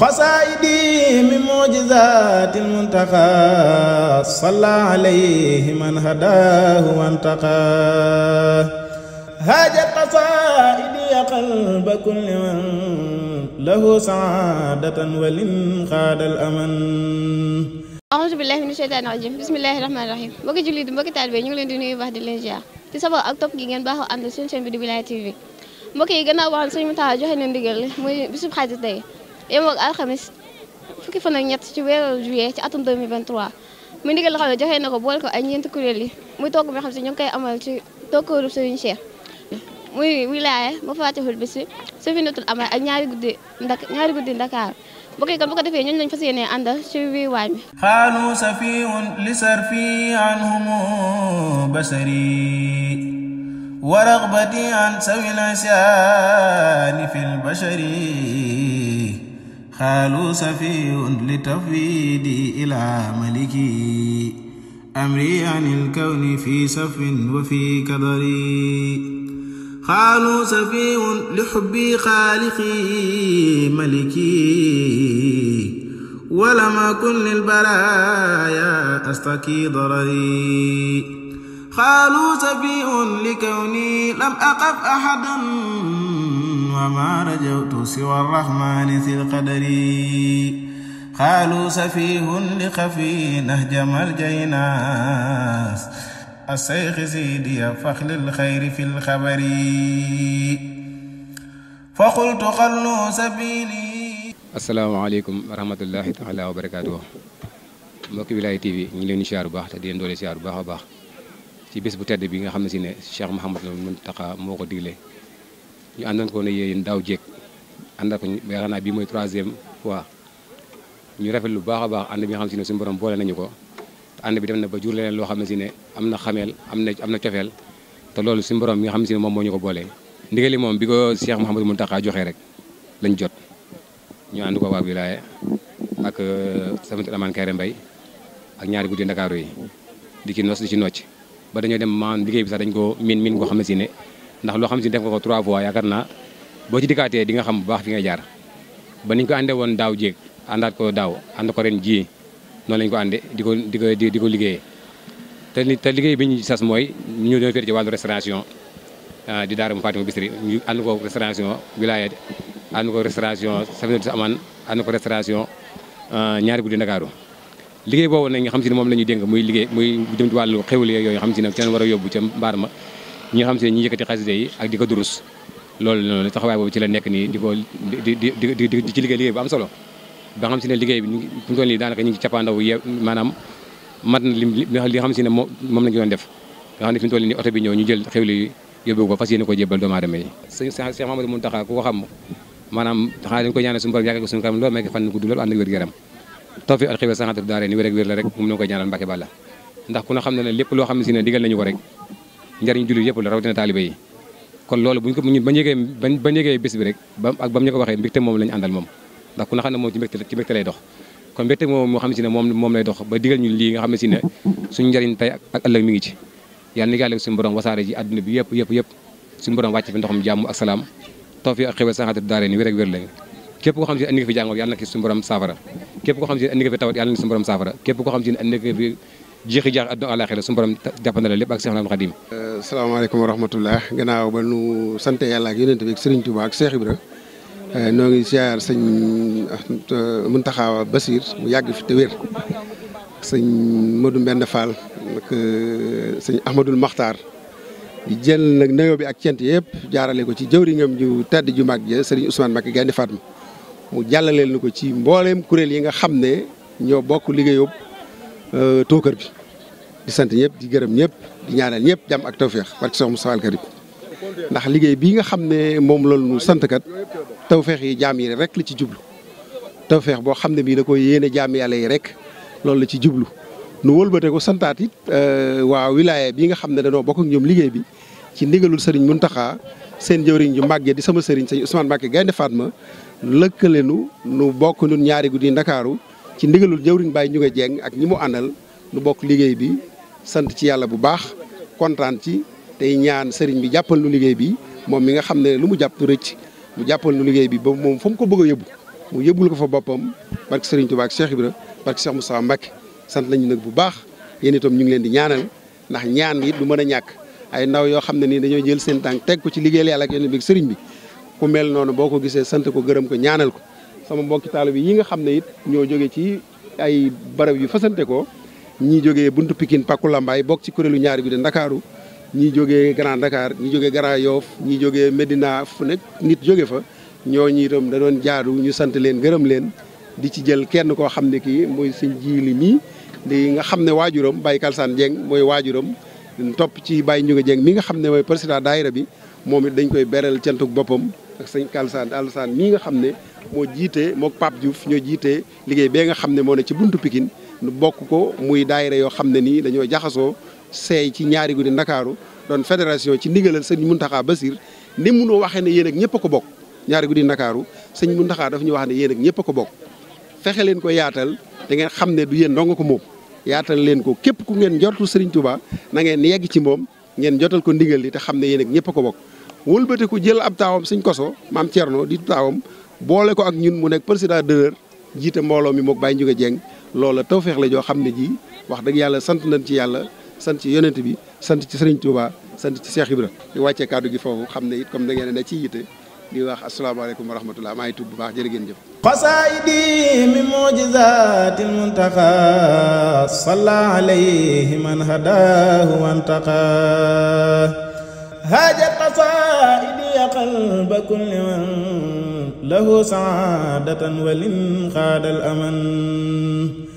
قصائدي من معجزات المنتقى صلى عليه من هداه وانتقى هاجت قصائدي قلب كل من له سعادة ولن خاد الأمن aouzu billahi mina sheytaani rajim bismillahi rahmaani rahim mbokki jullit di mbokki taalibe ñu ngi leen di nuyu baax di leen ziar ci saboo ak topp gi ngeen baaxoo ànd seen chaîne bi di Wilaya TV mbokk yi gannaaw waxoon sëñ Mountakha joxe na ndigal muy bisub xaaj tey yemoog alxamis fukki fan ak ñett ci weeru juillet ci atum 2023 mu ndigal xam ne joxe na ko boole ko ay ñeenti kuréel yi muy togg mi xam si ñu ngi koy amal ci tokkooru Serigne Cheikh muy wilaya ma fatixul bi si su fi natul amal ak ñaari guddi ndak ñaari guddi Dakar mbokk yi kon bu ko defee ñooñu lañ fas yéenee àndal ci wii waañ bi sa safihun li sarfi anhum basari ورغبتي عن سوي العصيان في البشر xaalu safiyun li tafwidi ila maliki amri anil kawni fi safin wa fi kadari xaalu safiyun li xubbi xaaliqi maliki wa lam akun lil baraaya astaki darari قالوا سفيء لكوني لم أقف أحدا وما رجوت سوى الرحمن ذي القدر قالوا سفيه لخفي نهجم الجيناس الشيخ سيدي فخل الخير في الخبر فقلت خلوا سبيلي السلام عليكم ورحمة الله تعالى وبركاته mbokki Wilaya TV ñu ngi leen di siyaar bu baax te di leen doole siyaar bu baax a baax ci bés bu tedd bi nga xam ne si ne Cheikh Mouhamadou Mountakha moo ko digle ñu àndoon ko ne yéen daaw jéeg àndal ko yaakaar mooy troisième fois ñu rafet lu baax a baax ànd bi xam ne si ne suñu borom boole nañu ko te bi dem na ba jur leneen loo xam ne si ne am na xameel am na am na cofeel te loolu suñu borom mi nga xam ne si ne moom moo ñu ko boolee ndigal li moom bi ko Cheikh Mouhamadou Mountakha joxee rek lañ jot ñu ànd ko waa wilaaye ak euh, samantu amaan kayre mbay ak ñaari guddi ndakaaru yi di ci nos di ci nocc ba dañoo dem maanaam liggéey bi sax dañ ko miin miin koo xam ne si ne ndax loo xam si def nga ko trois fois yaakaar naa boo ci dikkaatee di nga xam bu baax fi ngay jaar ba niñ ko àndee woon daaw jéeg àndaat ko daaw ànd ko ren jii noonu lañ ko àndee di ko di ko di ko liggéeyee te te liggéey bi ñu sas mooy ñu ñoo féete ci wàllu restauration ah, di daara mu Fatima Bisri ñu ànd ko restauration wilaya ànd ko restauration Safinatoul Aman ànd ko restauration ah, ñaari guddi Ndakaaru liggéey boobu nag nga xam si ne moom la ñuy dénk muy liggéey muy jëm ci wàllu xewli yooyu xam si ne seen war a yóbbu ca ci la nekk nii di ko di di di ci liggéey liggéey bu am solo ba xam si ne liggéey bi fu mu toll nii daanaka ñu ngi cappaandaw ye maanaam mat na li li xam si ne moom moom def nga xam ne fi toll nii oto bi ñëw ñu jël xewli yi yóbbu ko fas yéene ko jébbal doomu aadama yi Cheikh Mamadou Mountakha ku ko xam maanaam xanaa dañ ko ñaanal suñu borom yàggal ko suñu kanam loolu may ko fan ko dundal ànd ak wér gu tawfi alxiba sanatur daare ak wér la rek moom na ko ñaanal Mbàkke Bàlla ndax loo xam ne ne digal nañu ko rek njariñ jullit yëpp waxee moom lañu àndal moom ndax xam moo xam ne si ne moom moom lay dox ba digal ñu lii nga xam ne si ne ak ëllëg mi yëpp yëpp yëpp suñu borom wàcc fi ak salaam tawfi ak xiba daare ni wér ak wér képp koo xam ne si andi nga fi jàngoor yàlla na ki suñu borom saafara képp ko xam si ne andi nga fi tawat yàlla na suñu borom saafara képp ko xam si ne andi nga fi jeexi jaax àdduna àlaxira suñu borom jàppandala la lépp ak Seex Ahmadul Xadim euh, salaamaaleykum wa rahmatullah gannaaw ba nu sant yàlla ak yonent bi ak Serigne Touba ak Cheikh Ibra euh, noo euh, mu yàgg fi te wér sëñ Modou Mbend Fall ak sëñ Ahmadul Maxtaar di nag nuyoo bi ak cent yëpp jaarale ko ci jëwriñam ju tedd ju mag ja Serigne Ousmane Mbacké Gaynde Fatma mu jàllaleel ni ko ci mbooleem kuréel yi nga xam ne ñoo bokk liggéeyub euh, tookër bi di sant ñëpp di gërëm ñëpp di ñaanal ñëpp jàmm ak tawféex barke Seex Mustafaa al Karim ndax liggéey bi nga xam ne moom loolu nu sant kat tawféex yi jaam yi rek la ci jublu tawféex boo xam ne bii da koy yéene jaam yàlla yi rek loolu la ci jublu nu wëlbate ko santaat it euh, waa wilaya bii nga xam ne danoo bokk ñoom liggéey bi ci ndigalul mun Muntaxa seen jëwriñ ju màggee di sama sëriñ sëñ Ousmane Mbacke Gaynde Fatma lëkkalenu nu bokk nun ñaari guddi ndakaaru ci ndigalul jëwriñ Baye ñu nga jeng ak ñi mu àndal nu bokk liggéey bi sant ci yàlla bu baax kontaan ci tey ñaan sëriñ bi jàppal nu liggéey bi moom mi nga xam ne lu mu jàpp rëcc mu jàppal nu liggéey bi ba moom fa mu ko bëgg a yóbbu mu yóbbul ko fa boppam barke sëriñ Touba ak Cheikh Ibra barke mu Moussa Mbacke sant nañu nag bu baax yéen itam ñu ngi leen di ñaanal ndax ñaan yi du mën a ñàkk ay ndaw yoo xam ne nii dañoo jël seen tànk teg ko ci liggéeyal yàlla ak yonent bi sëriñ bi ku mel noonu boo ko gisee sant ko gërëm ko ñaanal ko sama mbokki taalo bi yi nga xam ne it ñoo jóge ci ay barab yu fasante ko ñii jóge buntu pikin Pàkku Lambaay bokk ci kuréelu ñaar bi de Ndakaaru ñii jógee Grand Dakar ñii jógee Grand Yoff ñii jógee Medina fu nekk nit jóge fa ñooñu itam da doon jaadu ñu sant leen gërëm leen di ci jël kenn koo xam ne kii mooy sëñ jiili mii di nga xam ne waajuram Baye Kalsaan Dieng mooy waajuram topp ci Baye Ndiouga Dieng mi nga xam ne mooy président daayira bi moom it dañ koy beral cantuk boppam ak sëñ Kalsaan Alsaan mii nga xam ne moo jiite mook Pape Diouf ñoo jiitee liggéey bee nga xam ne moo ne ci buntu Pikine nu bokk ko muy daayira yoo xam ne nii dañoo jaxasoo seey ci ñaari guddi Ndakaaru doon fédération ci ndigalal sëñ Muntaxa Basir ni munoo waxee ne yéen ak ñëpp a ko bokk ñaari guddi Ndakaaru sëñ Muntaxa daf ñu wax ne yéen ak ñëpp ko bokk fexe leen ko yaatal da ngeen xam ne du yéen dong ko moom yaatal leen ko képp ku ngeen jortu Serigne Touba na ngeen yegg ci moom ngeen jotal ko ndigal li te xam ne yéen ak ñëpp a ko bokk. wëlbate ku jël ab taawam Serigne Kosso maam Thierno di taawam boole ko ak ñun mu nekk président d'honneur jiite mbooloo mi moog Baye Ndiouga Dieng loola tawféex la joo xam ne ji wax dëgg yàlla sant nañ ci yàlla sant ci yonent bi sant ci Serigne Touba sant ci Cheikh Ibra di wàccee kàddu gi foofu xam ne it comme da ngeen ne ci yitte di wax asalaamaaleykum wa rahmatulah maa ngi tudd bu baax jërë ngeen jëf. qasaayidi min mujizaatil muntaqa salla alayhi man hadaahu wantaqa haaja qasaayidi ya qalba kulli man lahu saadatan walin xaadal aman